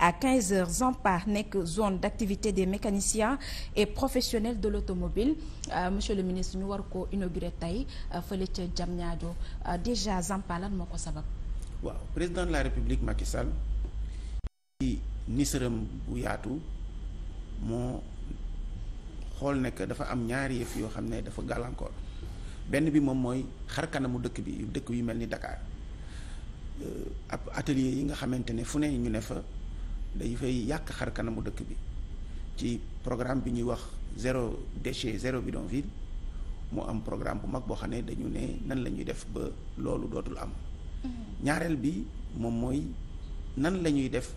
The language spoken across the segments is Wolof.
à 15 heures Zampar nekk zone d'activité des mécaniciens et professionnels de l'automobile euh, monsieur le ministre ñu war ko inauguré tey euh, fële ca ñaajo euh, déjà Zampar lan moo ko sabab waaw président de la République Macky Sall ci nisëram bu yaatu moo xool nekk dafa am ñaari yëf yoo xam ne dafa gàllankoor benn bi moom mooy xar kanamu dëkk bi dëkk yu mel ni Dakar ab atelier yi nga xamante ne fu ne ñu ne fa day fay yàq xar kanamu dëkk bi ci programme bi ñuy wax zéro déchet zéro bidonville moo am programme bu mag boo xam ne dañu ne nan la ñuy def ba loolu dootul am. Mm-hmm. ñaareel bi moom mooy nan la ñuy def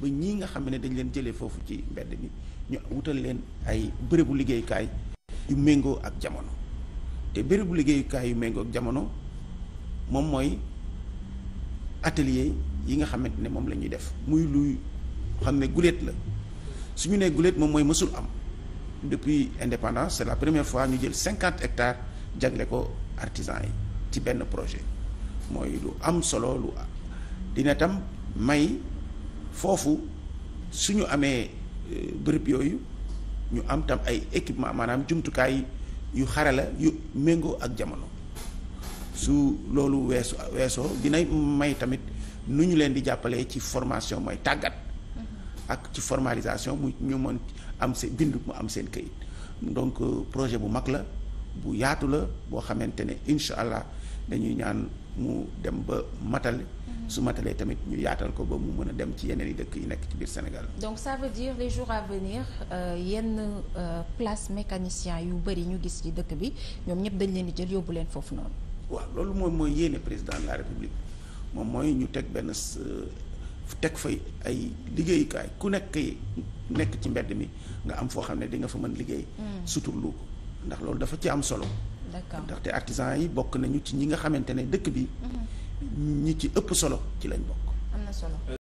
ba ñii nga xam ne dañ leen jëlee foofu ci mbedd mi ñu wutal leen ay bérébu liggéeyukaay yu méngoo ak jamono te bérébu liggéeyukaay yu méngoo ak jamono moom mooy atelier yi nga xamante ne moom la ñuy def muy luy xam ne guléet la su ñu nee guléet moom mooy mësul am depuis indépendance c'est la première fois ñu jël cinquante hectares jagle ko artisan yi ci benn projet mooy lu am solo lu dina tam may foofu su ñu amee euh, bërëb yooyu ñu am tam ay équipement maanaam jumtukaay yu xarala yu méngoo ak jamono su loolu weesu weesoo dina may tamit nu ñu leen di jàppalee ci formation mooy tàggat ak ci formalisation mu ñu mën am seen bind mu am seen këyit donc euh, projet bu mag la bu yaatu la boo xamante ne incha allah dañuy ñaan mu dem ba matal. Mm-hmm. su matalee tamit ñu yaatal ko ba mu mën a dem ci yeneen yi dëkk yi nekk ci biir Sénégal. donc ça veut dire les jours à venir euh, yenn euh, place mécanicien yu bëri ñu gis ci dëkk bi ñoom ñëpp dañ leen di jël yóbbu leen foofu noonu. waaw loolu moom mooy yéene président de la république moom mooy ñu teg benn teg fay ay liggéeyukaay ku nekk nekk ci mbedd mi nga am foo xam ne di nga fa mën liggéey. Hmm. suturlu ndax loolu dafa ci am solo. ndaxte artisan yi bokk nañu ci ñi nga xamante ne dëkk bi. Hmm. ñi ci ëpp solo ci lañ bokk.